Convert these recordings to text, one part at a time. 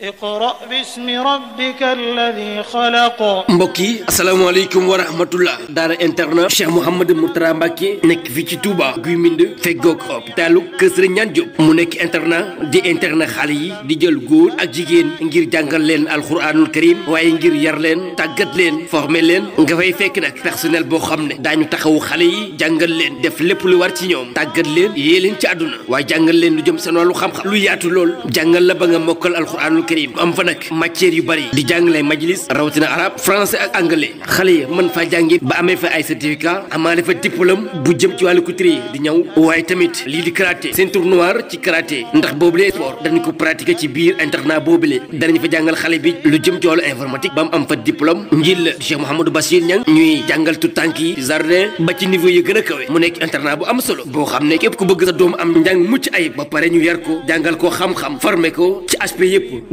اقرأ باسم ربك الذي خلق mbokk yi asalaamaaleykum wa rahmatullah daara internat Cheikh Mouhamadou Mourtada Mbacké nekk fii ci Touba guy mbind feggoog hôpitalu Kër Serigne Niane Diop mu nekk internat di internat xale yi di jël góor ak jigéen ngir jàngal leen alxuraanul karim waaye ngir yar leen tàggat leen former leen nga fay fekk nag personnel boo xam ne daañu taxawu xale yi jàngal leen def lépp lu war ci ñoom tàggat leen yée leen ci àdduna waaye jàngal leen lu jëm seen wàllu xam-xam lu yaatu lool jàngal la ba nga mokkal alxuraanul karim am fa nag matière yu bëri di jàngale majlis rawatina arab français ak anglais xale yi mën faa jàngi ba amee fa ay certificat amaale fa diplôme bu jëm ci wàllu couturier di ñaw waaye tamit lii di karaté ceinture noire ci karaté ndax boobu lee sport dañ ko pratiquer ci biir internat boobu lee danañ fa jàngal xale bi lu jëm ci wàllu informatique ba mu am fa diplôme ngir la Cheikh Mouhamadou Bachir Niang ñuy jàngal tu tànk yi jardin ba ci niveau yi gën a kawe mu nekk internat bu am solo boo xam ne képp ku bëgg sa doom am njàng mucc ayib ba pare ñu yar ko jàngal ko xam-xam formé ko ci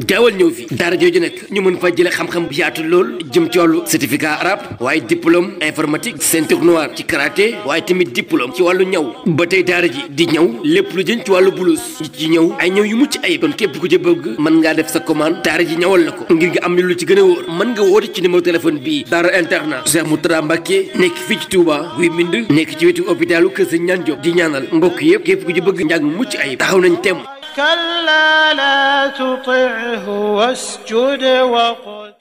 gaawal ñëw fii daara jooju nag ñu mën fa jële xam-xam bi yaatu lool jëm ci wàllu certificat arabe waaye diplôme informatique ceinture noire ci karaté waaye tamit diplôme ci wàllu ñaw ba tey daara ji di ñaw lépp lu jën ci wàllu blouse ci ñëw ay ñëw yu mucc ayib kon képp ku ci bëgg mën ngaa def sa commande daara ji ñawal na ko ngir nga am lu ci gën a wóor mën nga woote ci numéro téléphone bii daara internat Cheikh mu Mbacké nekk fii ci Touba guy mbind nekk ci wetu hôpitalu Kër Sëñ di ñaanal mbokk yëpp képp ku ci bëgg njàng mucc ayib taxaw nañ temm كلا لا تطعه واسجد وقل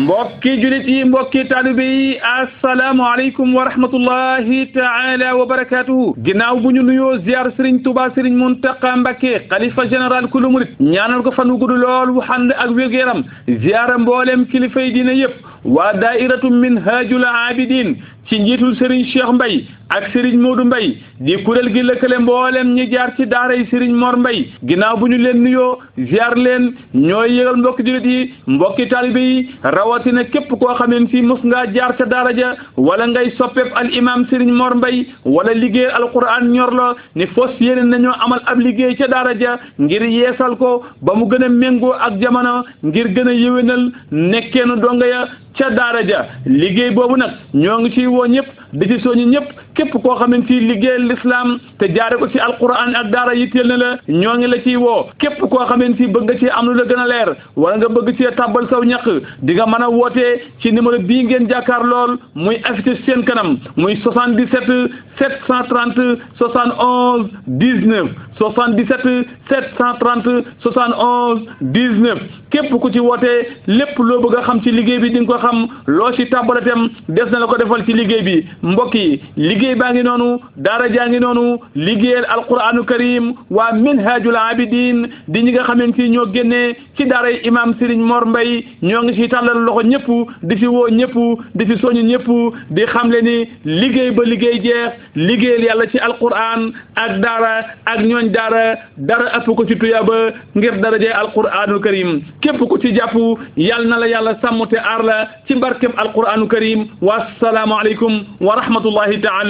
mbokki julit yi mbokki taalibe yi asalaamaaleykum wa rahmatullahi taala wa barakatuhu ginnaaw bu ñu nuyoo ziar sëriñ tuba sëriñ muntaqa mbakke xalifa général kulu murit ñaanal ko fan wu gudd lool wu xànd ak wér-gu-yaram ziara mboolem kilifa yi diine yëpp waa daairatu minhajul abidin ci njiitul Serigne Cheikh Mbay ak Serigne Modou Mbay di kuréel gi lëkkale mboolem ñi jaar ci daaray Serigne Mor Mbay ginnaaw bu ñu leen nuyoo ziar leen ñooy yëgal mbokki jullit yi mbokki taalibe rawatina képp koo xameen si mos ngaa jaar ca daara ja wala ngay soppeeb al imam Serigne Mor Mbay liggéey liggéeyal alquran ñor la ni fos yéene nañoo amal ab liggéey ca daara ja ngir yeesal ko ba mu gën a méngoo ak jamono ngir gën a yëwénal nekkeenu donga ya ca daara ja liggéey boobu nag ñoo ngi ciy woo ñëpp di ci soñi ñëpp képp koo xamante ci liggéeyal l'islam te jaare ko ci alquran ak daara yitteel na la ñoo ngi la ciy woo képp koo xamante ci bëgg ci am lu la gën a leer wala nga bëgg ci tàbbal saw ñaq di nga mën a wootee ci numéro bii ngeen jàkkaar lool muy affiché seen kanam muy 77 730 71 19 77 730 71 19 képp ku ci wootee lépp loo bëgg a xam ci liggéey bi di nga ko xam loo ci tàbbalatem des na la ko defal ci liggéey bi mbokk yi liggéey baa ngi noonu daara jaa ngi noonu liggéeyal alquranu karim waa minhajul abidin di ñi nga xamante ni ñoo génnee ci daaray imam Serigne Mor Mbay ñoo ngi ci tàllal loxo ñëpp di fi woo ñëpp di fi soñu ñëpp di xamle ni liggéey ba liggéey jeex liggéeyal yàlla ci alquran ak daara ak ñooñ daara dara ëpp ko ci tuyaaba ngir darajee alquranu karim képp ku ci jàpp yàlla na la yàlla sàmm te aar la ci barkeb alquranu karim wassalaamu aleykum wa rahmatullahi taala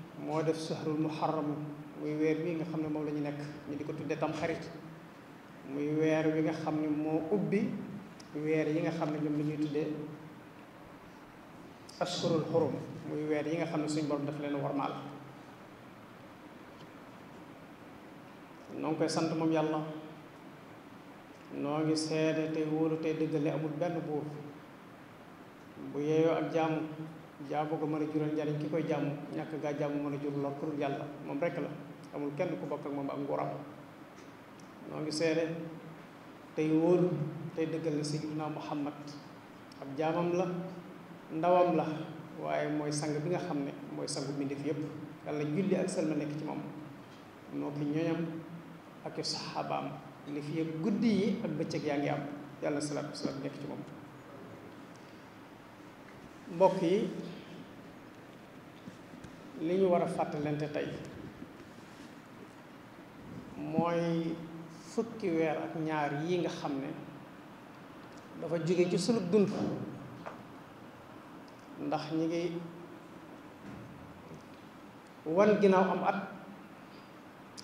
moo def sahrul muharram muy weer wi nga xam ne moom la ñu nekk ñu di ko tuddee tam xarit muy weer wi nga xam ne moo ubbi weer yi nga xam ne ñoom la ñuy tuddee ashurul xurum muy weer yi nga xam ne suñu borom daf leen warmaal noo ngi koy sant moom yàlla noo ngi seede tey wóolu tey dëggale amul benn buur bu yeeyoo ak jaamu jaamu ko mën jural njariñ ki koy jaamu ñàkk gaa jaamu mën a jur lor pour yàlla moom rek la amul kenn ku bokk ak moom ak ngi sayyidina muhammad ab jaamam la ndawam la waye moy sang bi nga xamne moy mooy sangu mbindeef yépp yalla julli ak salma nek ci mom no ki ñoyam ak i saxaabaam li fi guddi ak am yalla salatu nek ci mom mbokk yi li ñu war a fàttalante tey mooy fukki weer ak ñaar yi nga xam ne dafa jóge ci sunu dund ndax ñi ngi wan ginnaaw am at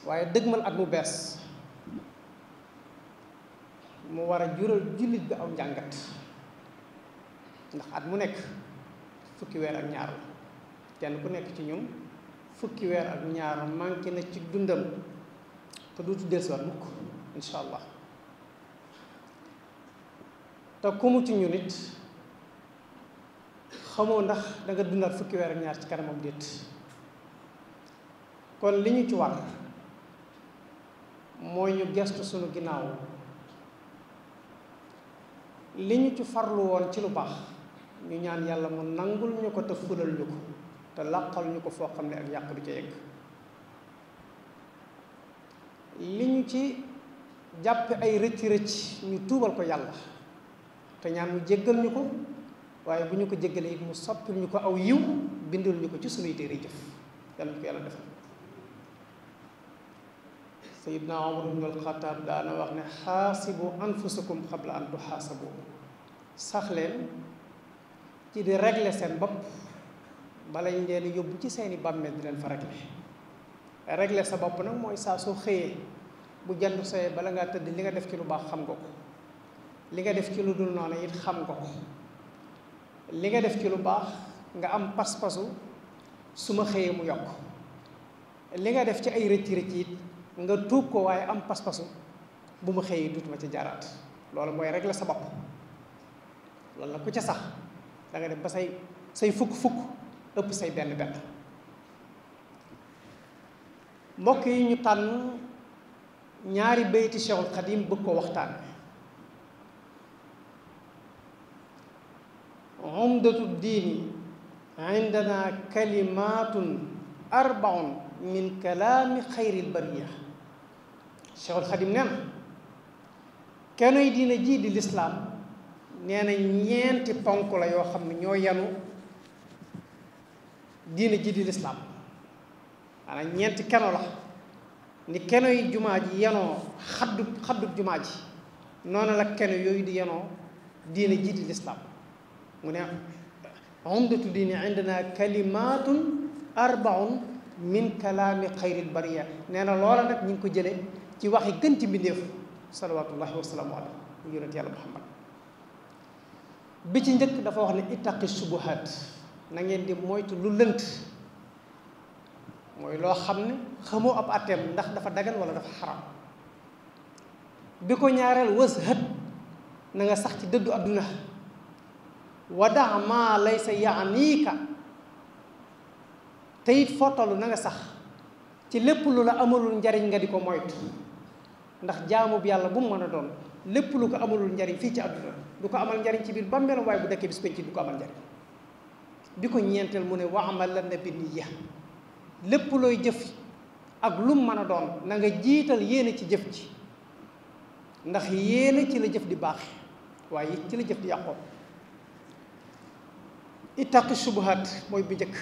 waaye dëgmal at mu bees mu war a jural jullit bi aw njàngat ndax at mu nekk fukki weer ak ñaar la kenn ku nekk ci ñun fukki weer ak ñaar manqué na ci dundam te duutu dellusiwaat mukk incha allah te ku mu ci ñu nit xamoo ndax da nga dundal fukki weer ak ñaar ci kanamam déet kon li ñu ci war mooy ñu gestu sunu ginnaaw li ñu ci farlu woon ci lu baax ñu ñaan yàlla mu nangul ñu ko te fulal ñu ko te làqal ñu ko foo xam ne ak yàq du ca yegg li ñu ci jàpp ay rëcc rëcc ñu tuubal ko yàlla te ñaan mu jéggal ñu ko waaye bu ñu ko jéggalee it mu soppil ñu ko aw yiw bindal ñu ko ci sunuy téere jëf yàlla ñu ko yàlla defal sayidna omar ibn alxataab daana wax ne xaasibu anfusakum xabla an tuxaasabu sax leen ci di régler seen bopp bala ngeen yobbu ci seeni bàmmeel di len fa réglé réglé sa bop nak moy sa so xeye bu sey bala nga tëdd li nga def ci lu bax xam nga ko li nga def ci lu dul non it xam nga ko li nga def ci lu bax nga am pas-pasu suma xeye mu yok li nga def ci ay retti retti nga tuup ko waye am pas-pasu bu ma xeye dutuma ci jaraat lolou moy réglé sa bop lolou la ko ci sax da nga dem ba say say fuk fuk ëpp say benn benn mbokk yi ñu tànn ñaari bayti Cheikhul Xadim bëgg ko waxtaan umdatu diini indana kalimatun arbaun min kalaami xayril bariya Cheikhul Xadim nee na kenoy diina jii di lislaam nee na ñeenti ponk la yoo xam ne ñoo yanu diine ji di lislaam maanaam ñeenti keno la ni keno yi jumaa ji yenoo xaddub xaddub jumaa ji noonu la keno yooyu di yenoo diine ji di lislaam mu ne umdatu diine indana kalimatun arbaun min kalaami xayril bariya nee na loola nag ñu ngi ko jële ci waxi gën ci mbindeef salawatullahi wasalaamu aleyh yonent yàlla muhammad bi ci njëkk dafa wax ne ittaqi subuhaat na ngeen di moytu lu leunt moy lo xamne ne xamoo ab atem ndax dafa dagan wala dafa haram biko ñaaral ñaareel wës na nga sax ci dëddu aduna wada ma lay ya'nika yaaniika te na nga sax ci lepp lu la amalul njariñ nga diko moytu ndax jaamu bi yalla bu mu mën doon lu ko amalul njariñ fi ci aduna du amal njariñ ci bir bambel way bu dekk bis ci du amal njariñ bi ko ñeenteel mu ne waamal la nabi niya lépp looy jëf ak lum mën a doon nanga jiital yéene ci jëf ji ndax yéene ci la jëf di baax waaye it ci la jëf di yàqoo ittaqi subuhat mooy bi njëkk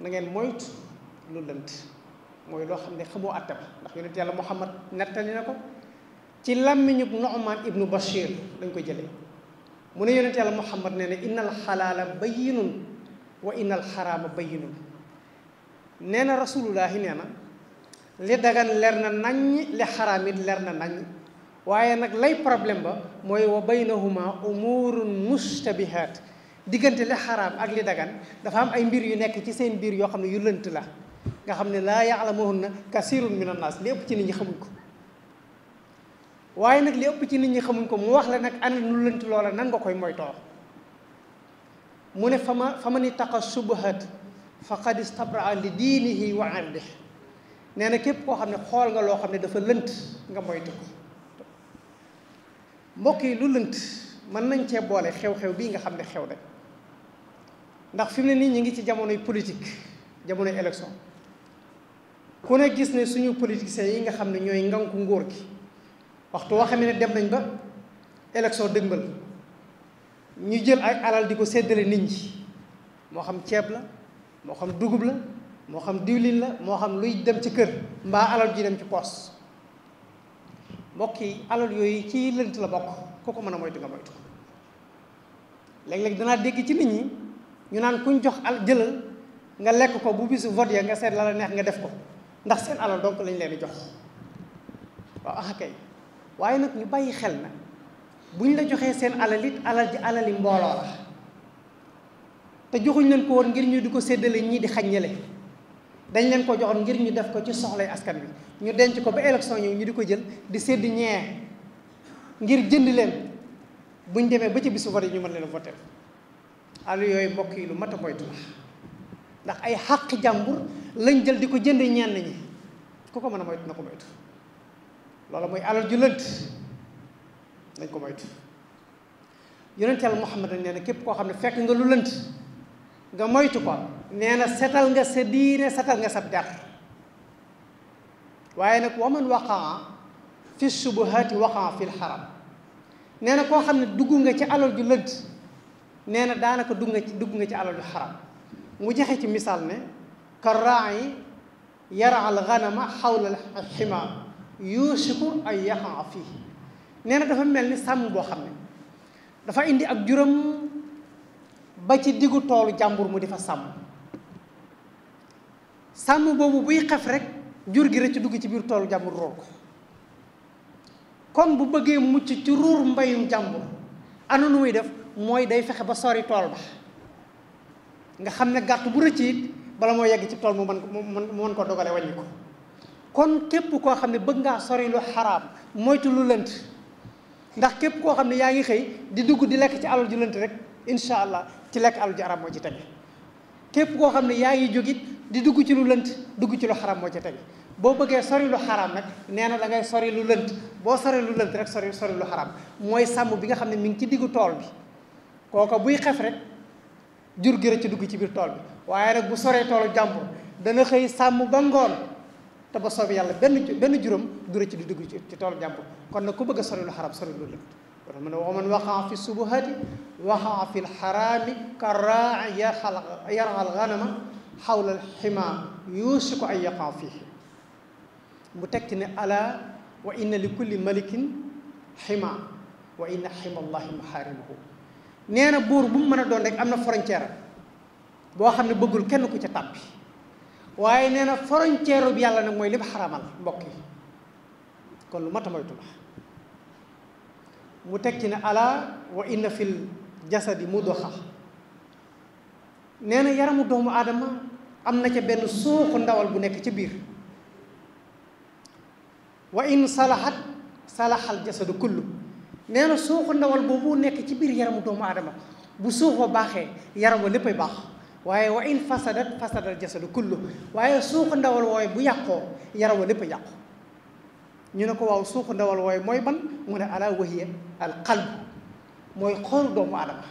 na ngeen moytu lu lënt mooy loo xam ne xamoo àtte ba ndax yonent yàlla muhammad nettali na ko ci làmmiñu Nu'man ibnu Bashir lañ ko jëlee mu ne yonent yàlla muhammad nee na innal xalaala bayyinun wa innal xaraama bayyinun nee na rasulullahi nee na li dagan leer na naññ li xaraam it leer na naññ waaye nag lay problème ba mooy wa baynahuma umurun mustabihat diggante li xaraam ak li dagan dafa am ay mbir yu nekk ci seen biir yoo xam ne yu lënt la nga xam ne laa yaalamuhunna kasirun min annaas li ëpp ci nit ñi xamuñ ko waaye nag li ëpp ci nit ñi xamuñ ko mu wax la nag ana lu lënt loola nan nga koy moytoo mu ne fa ma fa ma ni taqa subahat faqad istabraa li diinihi wa ardih nee na képp koo xam ne xool nga loo xam ne dafa lënt nga moytu ko mbokk yi lu lënt mën nañ cee boole xew-xew bii nga xam ne xew dañ ndax fi mu ne nii ñu ngi ci jamonoy politique jamonoy élection ku ne gis ne suñu politiciens yi nga xam ne ñooy nganku nguur gi waxtu woo xam ne dem nañ ba élection dëgmal ñu jël ay alal di ko séddale nit ñi moo xam ceeb la moo xam dugub la moo xam diwlin la moo xam luy dem ci kër mbaa alal ji dem ci poos mbokk yi alal yooyu ci lënt la bokk ku ko mën a moytu nga moytu léeg-léeg danaa dégg ci nit ñi ñu naan kuñ jox al jëlal nga lekk ko bu bisu vote ya nga seet lal la neex nga def ko ndax seen alal donc lañ leen di jox waaw ah waye nak ñu bayyi xel na buñ la joxé seen alalit alal ji alali mbolo la té joxuñ leen ko won ngir ñu di ko ñi di xagnalé dañ leen ko joxon ngir ñu def ko ci soxlay askan bi ñu denc ko ba élection ñëw ñu di ko jël di sédd ñé ngir jënd leen buñ démé ba ci bisu vote ñu mën leen voter alu yoy mbokk yi lu mata koy tu la ndax ay xàq jàmbur lañ jël di ko jënd ñen ñi ku ko mën a moytu na ko moytu loola mooy alal ju lënt nañ ko moytu yonent yàlla Muhammad nee na képp koo xam ne fekk nga lu lënt nga moytu ko nee na setal nga sa diine setal nga sa der waaye nag waman waqaa fi subuhaati waqaa fi lxaram nee na koo xam ne dugg nga ci alal ju lënt nee na daanaka dugg nga ci dugg nga ci alal ju xaram mu joxe ci misaal ne ka raayi yara al ganama xawla al ximaam yuusiku ay yaxan fii nee dafa mel ni sàmm boo xam ne dafa indi ak juróom ba ci diggu toolu jàmbur mu di fa sàmm sàmm boobu buy xef rek jur gi rëcc dugg ci biir toolu jàmbur rool ko kon bu bëggee mucc ci ruur mbayum jàmbur ana nu muy def mooy day fexe ba sori tool ba nga xam ne gàtt bu rëcc it bala moo yegg ci tool mu mën mu mën ko dogale wàññi ko kon képp koo xam ne bëgg ngaa sori lu xaraam moytu lu lënt ndax képp koo xam ne yaa ngi xëy di dugg di lekk ci alal ju lënt rek incha allah ci lekk alal ju araam ci tege képp koo xam ne yaa ngi jógit di dugg ci lu lënt dugg ci lu moo ci tege boo bëggee sori lu xaraam nag nee na da ngay sori lu boo sori lënt rek sori sori lu xaraam mooy sàmm bi nga xam ne mi ngi ci diggu tool bi kooko buy xef rek jur gi rek ci dugg ci biir tool bi waaye nag bu soree toolu jàmbur dana xëy sàmm ba ngoon te ba soobee yàlla benn benn juróom du ci di dugg ci toolu jàmbur kon nag ku bëgg a sori lu xaram sori lu lépp kon mu ne wa man waqaa fi subuhaati waqaa fi lxaraami ka raaci yarxa alganama xawla alxima yuusiku an yaqaa fiihi mu teg ci ne alaa wa inna li kulli malikin xima wa inna xima allahi maxaarimuhu nee na buur bu mu mën a doon rek am na frontière boo xam ne bëggul kenn ku ca tàbbi waye neena frontière bi yàlla nak moy li haramal xaramal mbokk kon lu mata moytu mu tek ci na ala wa inna fil jasadi mudakha neena yaramu doomu adama amna ci ben benn ndawal bu nek ci bir wa in salahat salahal jasadu kullu neena na suuxu ndawal boobu nek ci bir yaramu doomu adama bu suuxoo baxé yaramu léppay bax waaye wa in fasadat fasadal jasadu kullu waaye suuxu ndawal wooy bu yàqoo yaram wa lépp yàqu ñu ne ko waaw suuxu ndawal wooy mooy ban mu ne ala wahiya al qalb mooy xool doomu adama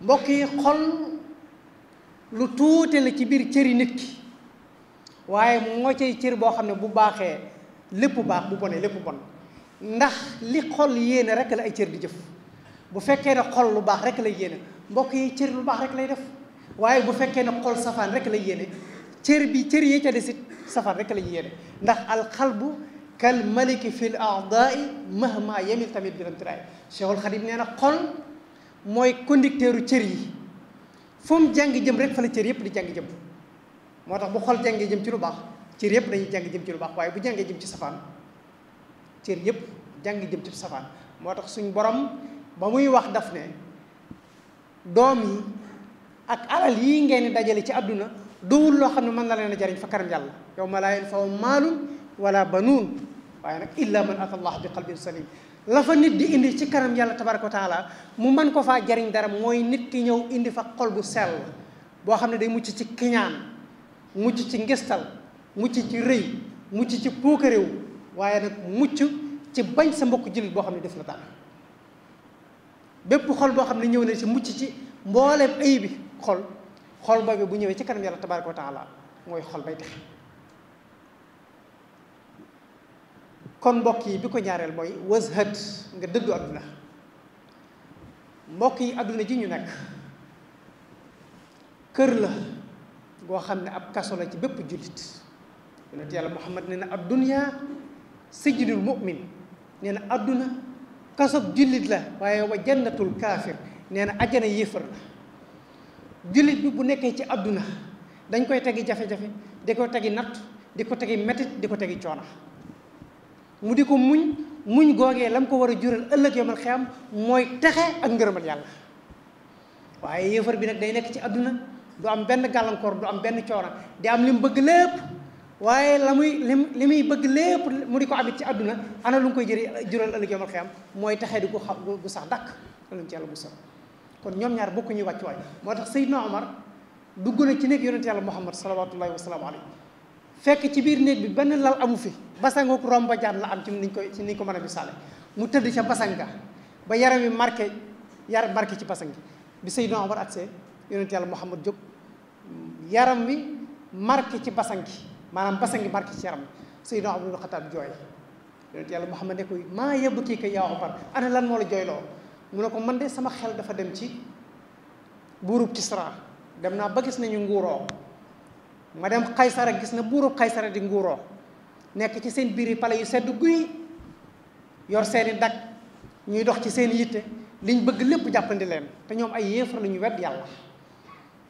mbokk yi xol lu tuute la ci biir cëri nit ki waaye moo cay cër boo xam ne bu baaxee lépp baax bu bonee lépp bon ndax li xol yéene rek la ay cër di jëf bu fekkee ne xol lu baax rek lay yéene mbokk yi cër lu baax rek lay def waaye bu fekkee ne xol safaan rek la yéene cër bi cër yi ca desi safaan rek la yéene ndax alxalbu kal maliki fil aadaai mahma yemil tamit bi lamtiraay Cheikhul Xadim nee na xol mooy conducteuru cër yi fu mu jàng jëm rek fa la cër yëpp di jàng jëm moo tax bu xol jàngee jëm ci lu baax cër yëpp dañuy jàng jëm ci baax waaye bu jàngee jëm ci safaan cër yëpp jàng jëm ci safaan moo tax suñ borom ba muy wax daf ne doom yi ak alal yii ngeen dajale ci àdduna duwul loo xam ne mën na leen a jariñ fa karam yàlla yow ma laa yanfau maalun wala banuun waaye nag illa man ata allah bi qalbin salim la fa nit di indi ci kanam yàlla tabaraka wa taala mu man ko faa jariñ dara mooy nit ki ñëw indi fa xol bu sell boo xam ne day mucc ci kiñaan mucc ci ngistal mucc ci rëy mucc ci puukaréew waaye nag mucc ci bañ sa mbokk jullit boo xam ne def la dara bépp xol boo xam ne ñëw na ci mucc ci mboolem bi xol xol boobee bu ñëwee ci kanam yàlla tabaaraka wa taala mooy xol bay tax kon mbokk yi bi ko ñaareel mooy wazhat nga dëddu àdduna mbokk yi àdduna ji ñu nekk kër la goo xam ne ab kaso la ci bépp jullit yonent yàlla muhammad nee na ad dunya sijnul mu'min nee na àdduna kasob jullit la waaye wa jannatul kaafir nee na ajana yéefar la jullit bi bu nekkee ci àdduna dañ koy tegi jafe-jafe di ko tegi natt di ko tegi métit di ko tegi coona mu di ko muñ muñ googee la mu ko war a jural ëllëg yomal xiyam mooy texe ak ngërëmal yàlla waaye yéefar bi nag day nekk ci àdduna du am benn gàllankoor du am benn coona di am li mu bëgg lépp waaye la muy li li muy bëgg lépp mu di ko amit ci àdduna ana lu mu koy jëri jural ëllëg yomal xiyam mooy texe di ko xam gu sax dàkk mu ci yàlla bu kon ñoom ñaar bokkuñu wàccuwaay moo tax Seydina Omar dugg na ci néeg yonent yàlla Muhammad salawaatullahi wa salaamu alayhi fekk ci biir néeg bi benn lal amu fi basangook romba jaan la am ci niñ koy ci niñ ko mën a misaale mu tëdd ca basanga ba yaram wi marqué yaram marqué ci basang gi bi Seydina Omar agsee yonent yàlla Muhammad jóg yaram wi marqué ci basang gi maanaam basang gi marqué ci yaram wi Seydina Omar ibn Xataab jooy yonent yàlla Muhammad ne ko maa yabkiika yaa Omar ana lan moo la jooyloo mu ne ko man de sama xel dafa dem ci buru kisra dem naa ba gis ñu nguuroo ma dem xaysara gis na buru xaysara di nguuroo nekk ci seen biir pale yu sedd guy yor seeni dag ñuy dox ci seen yitte liñ bëgg lépp jàppandi leen te ñoom ay yéefar lañu wedd yàlla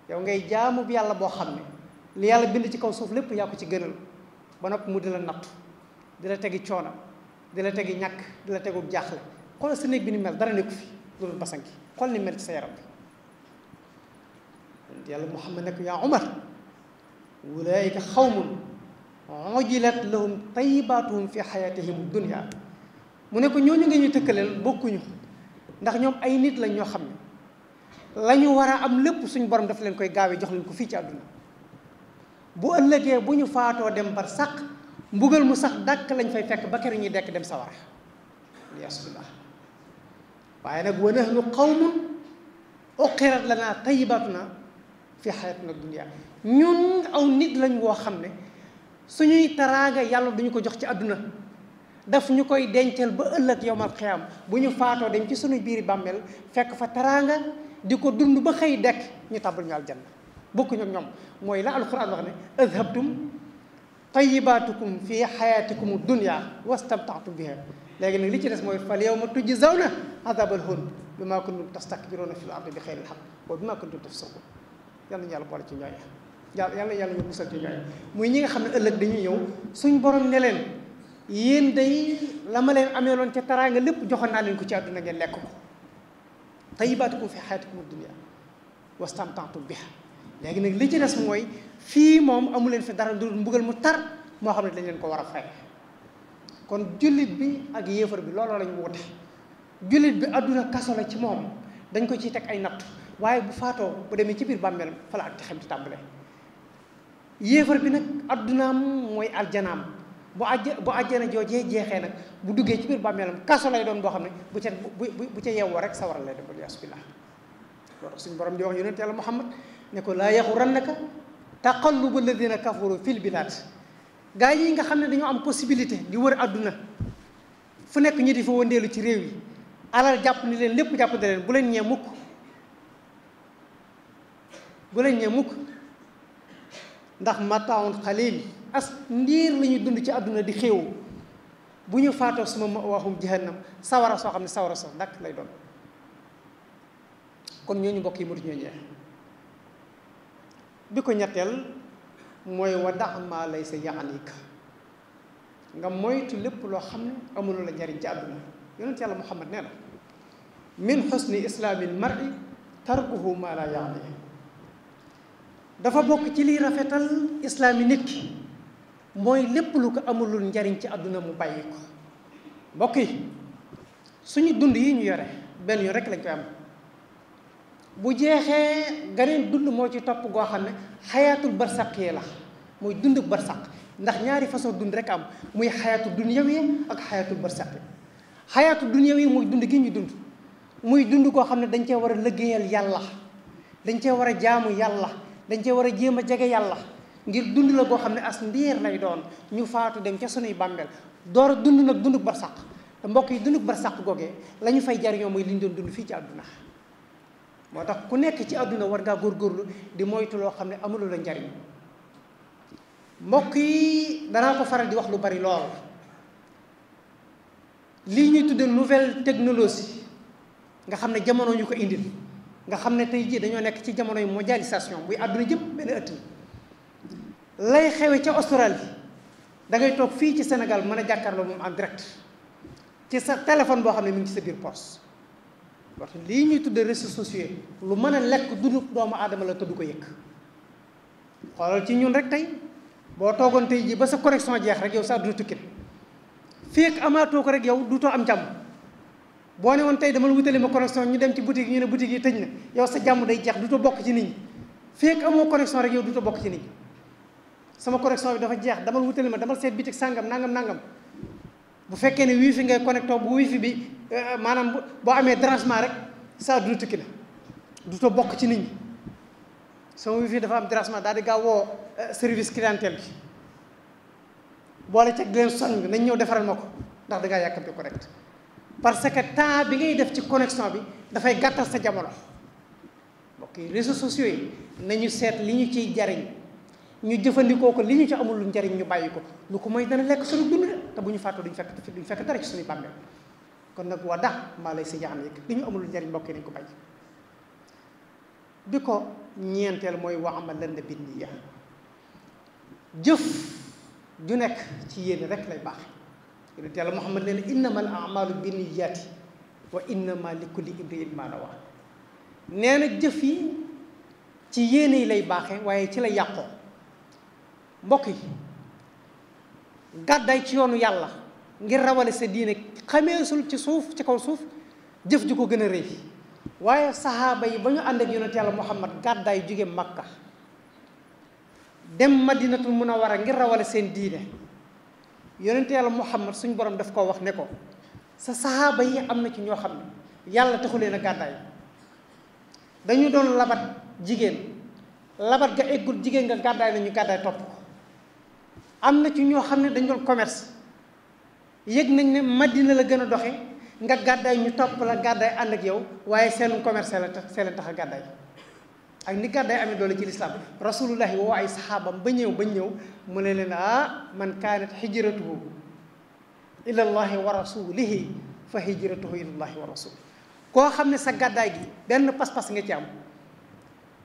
yow ngay jaamu bi yàlla boo xam ne li yàlla bind ci kaw suuf lépp yaa ko ci gënal ba noppi mu di la natt tegi coono di tegi ñàkk di la qol si neeg bi ni mel dara neeku fi dul basanki qol ni mel ci sayaram bi yalla muhammad nak ya umar ولئك خوم عجلت لهم طيباتهم في حياتهم الدنيا مونيكو نيو نيغي نيو تكلال بوكو نيو داخ نيوم اي نيت لا نيو خامي لا نيو ورا ام لب سوني بوروم داف لين كوي غاوي جوخ لين كو في لك ادنا بو الله بو نيو فاتو ديم بار ساق مبوغل مو ساق داك لا نفاي فك بكر ني ديك ديم سوارا يا الله waaye nag wa nahnu qawmun uqirat lana tayibatuna fi xayatuna dunia ñun aw nit lañ woo xam ne suñuy taraanga yàlla duñu ko jox ci àdduna daf ñu koy dencal ba ëllëg yowmal xiyaam bu ñu faatoo dem ci suñu biiri bàmmeel fekk fa taraanga di ko dund ba xëy dekk ñu tàbbal ñu aljanna bokkuñu ak ñoom mooy la alquran wax ne adhabtum tayibatukum fi xayatikum dunia wastamtaatum biha لكن لي تي داس موي فاليوم توجي زاونا عذاب الهون بما كنتم تستكبرون في الارض بخير الحق وبما كنتم تفسقون يلا نيال بول تي نياي يلا يلا يلا موسال تي نياي موي نيغا خامن ايلك داني نييو سون بوروم نيلن يين داي لما لين اميلون تي تراغا ليب جوخنا لين كو تي ادنا نغي ليكو طيباتكم في حياتكم الدنيا واستمتعتم بها لكن لي تي داس موي في موم امولين في دار دور مبغل مو تار مو خامن دا نين ورا فاي kon jullit bi ak yéefar bi looloo lañ wute jullit bi àdduna kaso la ci moom dañ ko ciy teg ay natt waaye bu faatoo bu demee ci biir bàmmeelam fala ak te xam di tàmbale yéefar bi nag addunaam mooy aljanaam bu àjj bu àjjana joojee jeexee nag bu duggee ci biir bàmmeelam kaso lay doon boo xam ne bu ca bu ca yeewoo rek sawara lay dem alias billah loolu suñu borom di wax yonent yàlla Muhammad ne ko laa yeexu yaxurannaka taqallubu alladina kafaru fil bilaad Gaya yi nga xamne dañu am possibilité di wër aduna fu nek ñi di fa wëndelu ci réew yi alal japp ni leen lépp jàpp leen bu leen ñe mukk bu leen ñe mukk ndax mataun as ndir lañu dund ci aduna di xew bu ñu faatoo suma waxum jahannam sawara so xamni sawara so ndak lay doon kon ñooñu mbokk yi mu ñoo ñe biko ñettel mooy wa dax maa lay sa yaxanika nga moytu lépp loo xam ne amuloo la njariñ ci àdduna yonent yàlla muhammad nee na min xusni islaamil mar'i tarkuhu maa laa yaxni dafa bokk ci liy rafetal islaami nit ki mooy lépp lu ko amulul njariñ ci àdduna mu bàyyi ko mbokk yi suñu dund yi ñu yore benn yoon rek lañ koy am bu jeexee ganeen dund moo ci topp goo xam ne xayaatul barsaq yee la mooy dund barsaq ndax ñaari façon dund rek am muy dund dunyawi ak xayaatul barsaq xayaatu dunyawi mooy dund gi ñu dund muy dund koo xam ne dañ cee war a lëggéeyal yàlla dañ cee war a jaamu yàlla dañ cee war a jéem a jege yàlla ngir dund la goo xam ne as ndiir lay doon ñu faatu dem ca sunuy bàmmeel door a dund nag dunduk barsaq te mbokk yi dunduk barsaq googee la ñu fay jariñoo mooy li ñu doon dund fii ci àdduna moo tax ku nekk ci àdduna war ngaa góorgóorlu di moytu loo xam ne amulu la njariñ mbokk yi danaa ko faral di wax lu bari lool lii ñuy tudde nouvelle technologie nga xam ne jamono ñu ko indil nga xam ne tey jii dañoo nekk ci jamono yu mondialisation buy àdduna jëpp benn ëtt lay xewe ca Australie da ngay toog fii ci Sénégal mën a jàkkaarloo moom en direct ci sa téléphone boo xam ne mu ngi ci sa biir poche wax lii ñuy tudde réseaux sociaux lu mën a lekk dundu doomu aadama la te du ko yëkk xoolal ci ñun rek tey boo toogoon tey jii ba sa correction jeex rek yow sa àdduna tukki feek amaatoo ko rek yow duutoo am jàmm boo ne woon dama la wutale ma connexion ñu dem ci boutique ñu ne boutique yi tëj na yow sa jàmm day jeex duutoo bokk ci nit ñi amoo connexion rek yow duutoo bokk ci nii ñi sama connexion bi dafa jeex damal wutale ma damal seet bitik sàngam nangam nangam bu fekkee ne wifi ngay connecté bu wifi bi euh, maanaam boo amee dérangement rek saa du tukki la du to bokk ci nit ñi sama wifi dafa am dérangement daal di gaaw euh, service clientèle bi boole ca gën soñ bi nañ ñëw defaral ma ko ndax da ngaa yàkkamti connecté parce que temps bi ngay def ci connexion bi dafay gàttal sa jamono mbokk yi réseaux sociaux yi nañu seet li ñu ciy jariñ ñu jëfandikoo ko li ñu ci amul lu njariñ ñu bàyyi ko lu ko mooy dana lekk suñu dund te bu ñu fàttoo duñ fekk duñ fekk dara ci suñu bàmmeel kon nag waa dax maa lay si jaxam yëg li ñu amul njariñ mbokk nañ ko bay bi ko ñeenteel mooy waxama lënd bind ya jëf ju nekk ci yéene rek lay baax yonent yàlla Muhammad nee na innamal amalu binniyaati wa innama li kulli imriin maa nawaa nee na jëf yi ci yéene yi lay baaxe waaye ci la yàqoo mbokk gàddaay ci yoonu yàlla ngir rawale sa diine xameesul ci suuf ci kaw suuf jëf ju ko gën a rëy waaye saxaaba yi ba ñu ànd ak yonent yàlla muhammad gàddaay jóge makka dem madinatul munawara ngir rawale seen diine yonent yàlla muhammad suñ borom daf koo wax ne ko sa saxaaba yi am na ci ñoo xam ne yàlla taxu leen a gàddaay dañu doon labat jigéen labat ga eggul jigéen nga gàddaay nañu gàddaay topp ko am na ci ñoo xam ne dañu doon commerce yëg nañ ne Madina la gën a doxe nga gàddaay ñu topp la gàddaay ànd ak yow waaye seenu commerce la tax see la tax a gàddaay ak ni gàddaay amee doole ci lislaam rasulullahi woo ay saxaabam ba ñëw ba ñëw mu ne leen ah man kaanat hijratuhu ila llahi wa rasulihi fa hijratuhu ila llahi wa rasul koo xam ne sa gàddaay gi benn pas-pas nga ci am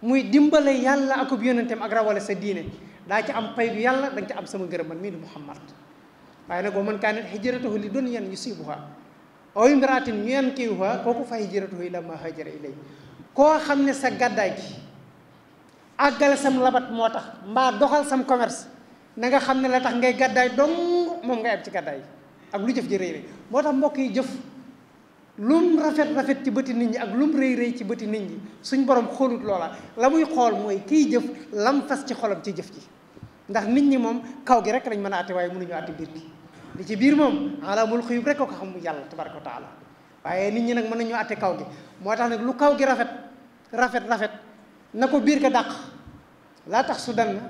muy dimbale yàlla akub yonenteem ak rawale sa diine daa ci am pay bu yàlla da nga am sama ngërëm man mii di Muhammad waaye nag boo mën kaanat hijratuhu li dunyan yusibuha aw imraatin yankihuha kooku fa hijratuhu ila ma hajara ilay koo xam ne sa gàddaay gi àggale sam labat moo tax mbaa doxal sam commerce na nga xam ne la tax ngay gàddaay dong moom ngay am ci gàddaay ak lu jëf ji rëy rek moo tax mbokk yi jëf lum rafet rafet ci bëti nit ñi ak lum rëy rëy ci bëti nit ñi suñ borom xoolut loola la muy xool mooy kii jëf lam fas ci xolam ci jëf ji ndax nit ñi moom kaw gi rek lañ mën a àtte waaye mënuñu àtte biir gi ci biir moom alamul xuyub rek ko xam yàlla tabaraka wa taala waaye nit ñi nag mën nañu àtte kaw gi moo tax nag lu kaw gi rafet rafet rafet na ko biir ka dàq laa tax su dann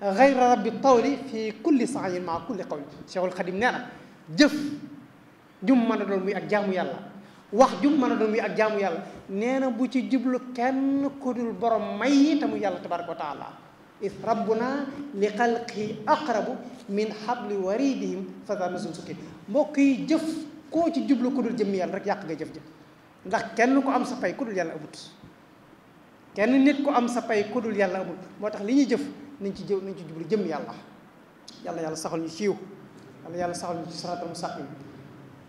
gayra rabbi tawli fi kulli saayin maa kulli qawli cheikhul xadim nee na jëf jum mën a doon muy ak jaamu yàlla wax jum mana do doon muy ak jaamu yalla neena bu ci jublu kenn kudul dul borom may tamu yalla tabaraka kota taala is rabbuna li khalqi aqrabu min habli waridihim fa za nasu suki yi jëf koo ci jublu kudul dul jëmm yàlla rek yak nga jëf jëf ndax kenn ko am sa pay ku dul yàlla amut kenn nit ko am sa pay ku dul yàlla amut moo tax li ci jëw ci jublu jëmm yalla yalla yalla saxal ñu siiw yalla yalla saxal ñu ci mustaqim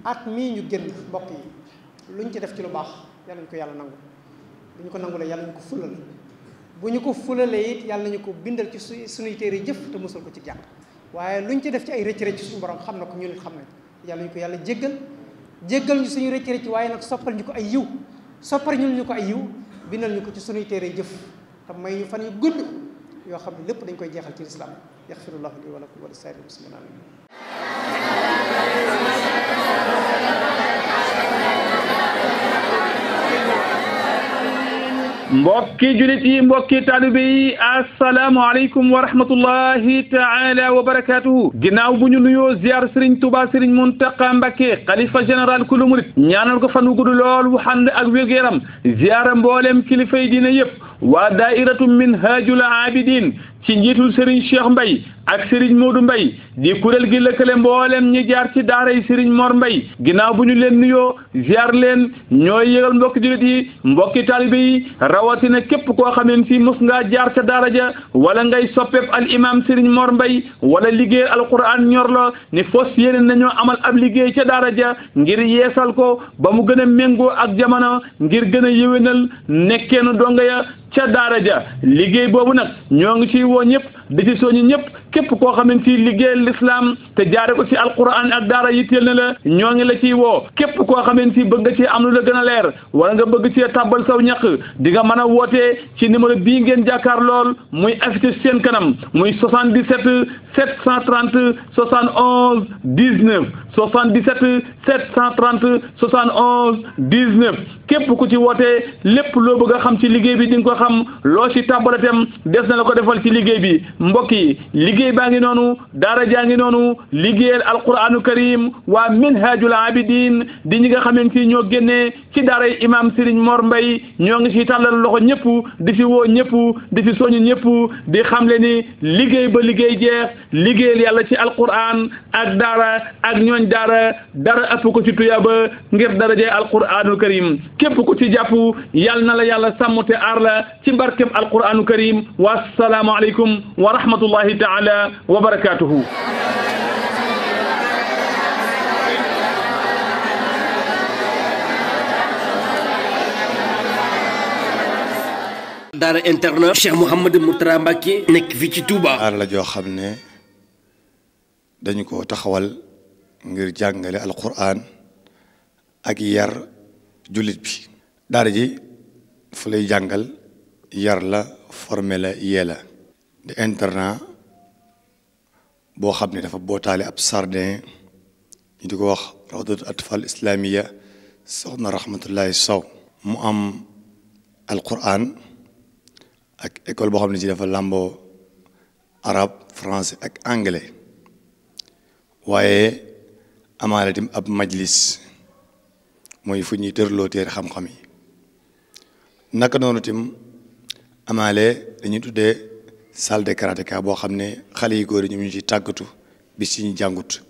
at mi ñu genn mbokk lu luñ ci def ci lu baax yàlla ñu ko yàlla nangu bu ñu ko nangu nangulee yàlla ñu ko fulal bu ñu ko fulalee it yàlla ñu ko bindal ci su suñuy téere jëf te musal ko ci jàng waaye luñ ci def ci ay rëcc rëcc suñu borom xam na ko ñu nit xam nañ yàlla ñu ko yàlla jéggal jéggal ñu suñu rëcc rëcc waaye nag soppal ñu ko ay yiw soppar ñul ñu ko ay yiw bindal ñu ko ci suñuy téere jëf te may ñu fan yu gudd yoo xam ne lépp dañ koy jeexal ci lislaam yaxfirullahu li wa lakum wa li saa'iril muslimin amin mbokki julit yi mbokki taalibe yi asalaamaaleykum wa rahmatullahi taala wa barakatuhu ginnaaw bu ñu nuyoo ziar sëriñ tuba sëriñ muntaqa mbakke xalifa général kulu murit ñaanal ko fan wu gudd lool wu xand ak wér-gu-yaram ziara mboolem kilifay diine yëpp waa daairatu minhajul abidin ci njiitul Serigne Cheikh Mbay ak Serigne Modou Mbay di kuréel gi lëkkale mboolem ñi jaar ci yi Serigne moor Mbay ginnaaw bu ñu leen nuyoo jaar leen ñooy yëgal mbokki jullit yi mbokki taalibe yi rawatina képp koo xameen si mos ngaa jaar ca daara ja wala ngay soppeeb al imam Serigne Mor Mbay wala liggéey alquran ñor la ni fos yéene nañoo amal ab liggéey ca daara ja ngir yeesal ko ba mu gën a méngoo ak jamono ngir gën a yéwénal nekkeenu donga ya ca daara ja liggéey woo ñëpp da ci soññi ñëpp képp koo xam ne ci liggéeyal l'islam te jaare ko ci alquran ak daara yitteel na la ñoo ngi la ciy woo képp koo xam ne ci bëgg nga ci am lu la gën a leer wala nga bëgg ci tàbbal saw ñaq di nga mën a wootee ci numéro bii ngeen jàkkaar lool muy affiché seen kanam muy 77 730 71 19 77 730 71 19 képp ku ci woote lépp loo bëgg xam ci liggéey bi di ko xam loo ci tàbbalatem des na la ko defal ci liggéey bi mbokk yi liggéey baa ngi noonu daara jaa ngi noonu liggéeyal alquranu karim waa minhajul abidin di ñi nga xamante ni ñoo génnee ci daaray imam Serigne Mor Mbay ñoo ngi ci tàllal loxo ñëpp di fi woo ñëpp di fi soñu ñëpp di xamle ni liggéey ba liggéey jeex liggéeyal yàlla ci alquran ak daara ak ñooñ daara dara ëpp ko ci tuyaaba ngir daraje alquranu karim képp ku ci jàpp yàlla na la yàlla sàmm te aar la ci barkeem alquranu karim wassalaamu aleykum wa rahmatullahi taala taala wa barakaatuhu daara internat Cheikh Mouhamadou Mourtada Mbacké nekk fii ci Touba. daara la joo xam ne dañu ko taxawal ngir jàngale alquran ak yar jullit bi. daara ji fu lay jàngal yar la formé la yee la. boo xam ne dafa bootaale ab sardin ñu di ko wax rawdatu atfal islaamiya soxna rahmatullahi sow mu am alquran ak école boo xam ne ci dafa làmboo arabe français ak anglais waaye amaale tam ab majlis mooy fu ñuy tërloo téere xam-xam yi naka noonu tim amaale dañuy tuddee salle de karatéka boo xam ne xale yi góor yi ñoom ñu ci tàggatu bi si ñu jàngut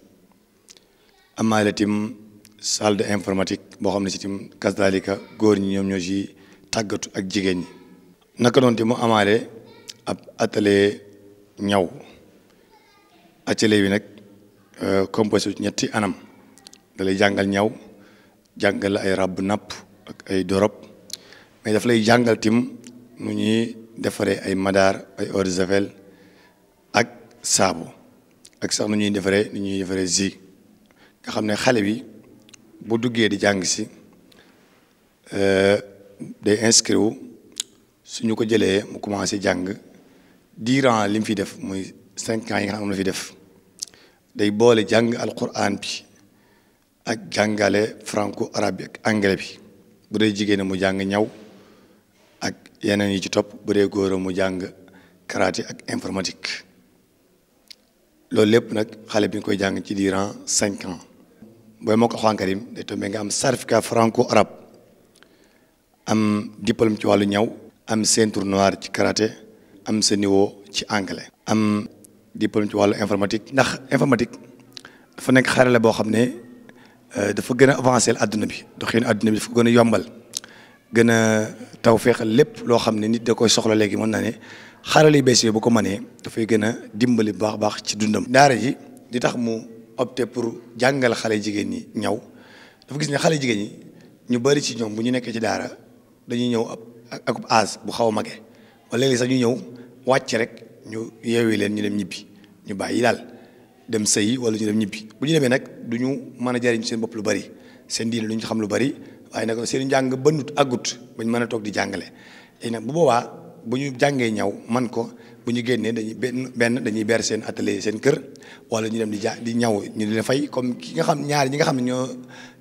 amaa la tim salle informatique boo xam ne si tim kasdalika góor ñi ñoom ñoo si tàggatu ak jigéen ñi naka noonu ti mu amaale ab atelier ñaw atelier bi nag euh, composé ñetti anam dalay jàngal ñaw jàngal ay ràbb napp ak ay dorop mais daf lay jàngal tim mu ñuy defaree ay madaar ay eau de javel ak saabu ak sax nu ñuy defaree nu ñuy defaree zi nga xam ne xale bi bu duggee di jàng si day inscrire wu su ñu ko jëlee mu commencé jàng diiran li mu fi def muy cinq ans yi nga xam ne fi def day boole jàng alquran bi ak jàngale franco arabe ak anglais bi bu dee jigéen mu jàng ñaw. yeneen yi ci topp bu dee góor a mu jàng karaté ak informatique loolu lépp nag xale bi nga koy jàng ci durant cinq ans booy moo ko xankarim day tombé nga am certificat franco arabe am diplôme ci wàllu ñaw am ceinture noire ci karaté am sa ci anglais am diplôme ci wàllu informatique ndax informatique dafa nekk xarala boo xam ne euh, dafa gën a avancé àdduna bi doxin àdduna bi dafa gën a yombal gën a taw feexal lépp loo xam ne nit da koy soxla léegi mën naa ne xarala yu bees yi bu ko manee dafay gën a dimbali baax baax ci dundam. daara ji di tax mu opté pour jàngal xale jigéen ñi ñaw dafa gis ne xale jigéen ñi ñu bari ci ñoom bu ñu nekkee ci daara dañuy ñëw ab ak aas bu xaw a mage wala léegi sax ñu ñëw wàcc rek ñu yeewi leen ñu dem ñibbi ñu bàyyi daal dem sëyi wala ñu dem ñibbi bu ñu demee nag du ñu mën a jariñu seen bopp lu bari seen diine lu ñu xam lu bari. waaye nag seen njàng bënnut agut bañ mën a toog di jàngale léegi nag bu boobaa bu ñu jàngee ñaw man ko bu ñu génnee dañuy benn benn dañuy ber seen atelier seen kër wala ñu dem di jaa di ñaw ñu di leen fay comme ki nga xam ñaar ñi nga xam ne ñoo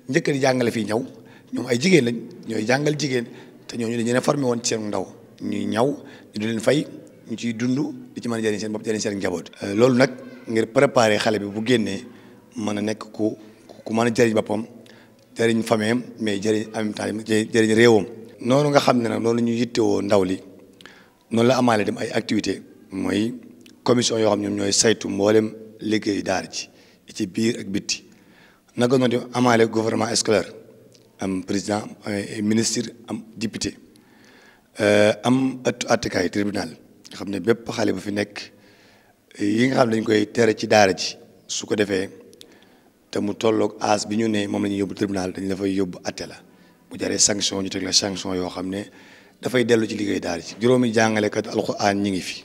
njëkk jàngale fii ñaw ñoom ay jigéen lañ ñooy jàngal jigéen te ñooñu dañu leen formé woon ci seen ndaw ñuy ñaw ñu di leen fay ñu ciy dund di ci mën a jëriñ seen bopp jëriñ seen njaboot. loolu nag ngir préparer xale bi bu génnee mën a nekk ku ku mën a jëriñ boppam jëriñ fameem mais jëriñ en même temps jëriñ réewam noonu nga xam ne nag noonu ñu yittewoo ndaw li noonu la amaale dem ay activité mooy commission yoo xam ñoom ñooy saytu mboolem liggéeyu daara ji ci biir ak bitti naka noonu di amaale gouvernement scolaire am président ministre am député euh, am ëttu attikaay tribunal nga xam ne bépp xale bu fi nekk yi nga xam ne dañ koy tere ci daar ji su ko defee te mu tollok as bi ñu ne moom la tribunal dañ fay yob até la bu jaré sanction ñu tek la sanction yo xamné ne fay dellu ci ligéy daal ci juróomi kat alquran ñi ngi fi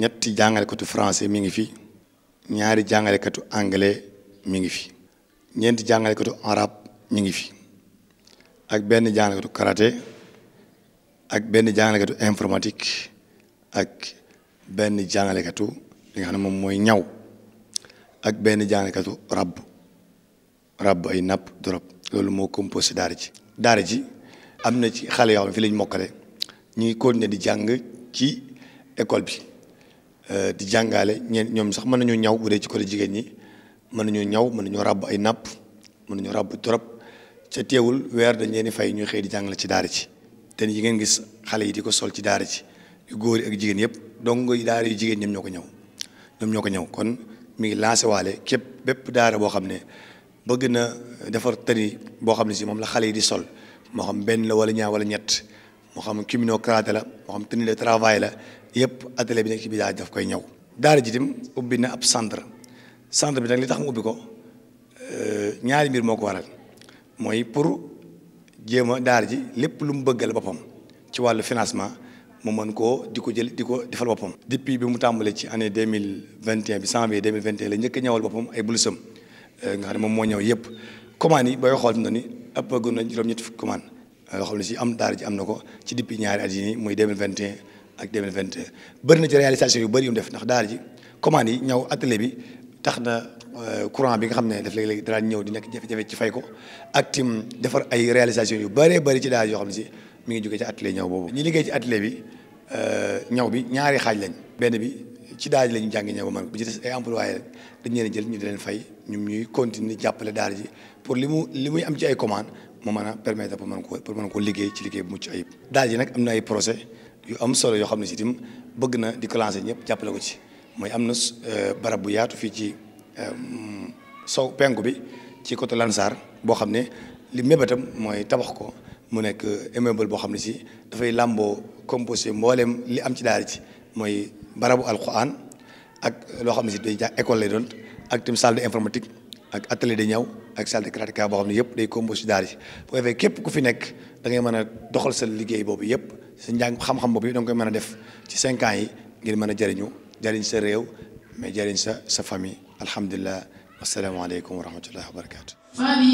ñetti jàngalekatu français mi ngi fi ñaari jàngalekatu anglais mi ngi fi ñeenti jàngalekatu arab ñi ngi fi ak benn jàngalekatu karaté ak benn katu informatique ak benn jàngalekatu li nga xamné mom moy ñaw ak benn jàngalekatu rab ràbb ay napp drop loolu moo composé daara ji daara ji am na ci xale yoo xam ne fi lañ mokkale ñu ngi continuer di jàng ci école bi euh, di jàngaale ñeen ñoom sax mën nañu ñaw bu dee ci côté jigéen ñi mën nañu ñaw mën na nañu ràbb ay napp mën nañu ràbb drop ca teewul weer dañ leen fay ñuy xëy di jàngale ci daara ji te yi ngeen gis xale yi di ko sol ci daara ji yu góor ak jigéen yëpp donc daara yu jigéen ñoom ñoo ko ñëw ñoom ñoo ko ñëw kon mi ngi lancé waale képp bépp daara boo xam ne bëgg na defar tëri boo xam ne si moom la xale yi di sol moo xam benn la wala ñaar wala ñett moo xam kimono karaté la moo xam tenue de travail la yëpp atelier bi nekk ci biir daf koy ñëw. daara ji tam ubbi na ab centre centre bi nag li tax mu ubbi ko euh, ñaari mbir moo ko waral mooy pour jéem a daara ji lépp lu mu bëggal boppam ci wàllu financement mu mën koo di ko jël di ko defal boppam. depuis bi mu tàmbalee ci année deux mille vingt bi janvier deux Eh, nga xam ne moom moo ñëw yëpp commandes yi booy xool fi mu ni ëppagu na juróom-ñetti fukki commande yoo si am daara ji am na ko ci depuis ñaari at yi muy 2021 ak 2022 bëri na ci réalisation yu bëri yu mu def ndax daara ji yi ñëw atelier bi tax na eh, courant bi nga xam ne daf léeg-léeg dara ñëw di nekk jafe-jafe ci fay ko defar ay réalisation yu bëree bëri ci daara yoo xam ne si mi ngi jógee ci atelier ñëw boobu ñi liggéey ci atelier bi eh, ñaw bi ñaari xaaj lañ benn bi ci daara ji lañu jàngi ñëw ba man bu ci des ay employé dañ leen jël ñu di leen fay ñum ñuy continuer jàppale daara ji pour li mu li muy am ci ay commande mu mën a permettre pour mën ko pour mën ko liggéey ci liggéey bu mucc ayib. daara ji nag am na ay projet yu am solo yoo xam ne si tim bëgg na di ko lancer ñëpp jàppale ko ci mooy am na euh, barab bu yaatu fii ci euh, sow penku bi ci côté Lansar boo xam ne li mébétam mooy tabax ko mu nekk euh, immeuble boo xam ne si dafay làmboo composé mbooleem li am ci daara ji mooy barabu alquran ak loo xam ne si day jàng école lay doon ak tim salle de informatique ak atelier de ñaw ak salle de karatéka boo xam ne yëpp day combo si daara ji bu ko képp ku fi nekk dangay ngay mën a doxal sa liggéey boobu yëpp sa njàng xam-xam boobu yëpp da nga mën a def ci cinq yi ngir mën a jëriñu jëriñ sa réew mais jëriñ sa sa famille alhamdulilah wasalaamaaleykum wa rahmatullahi wa barakaatu.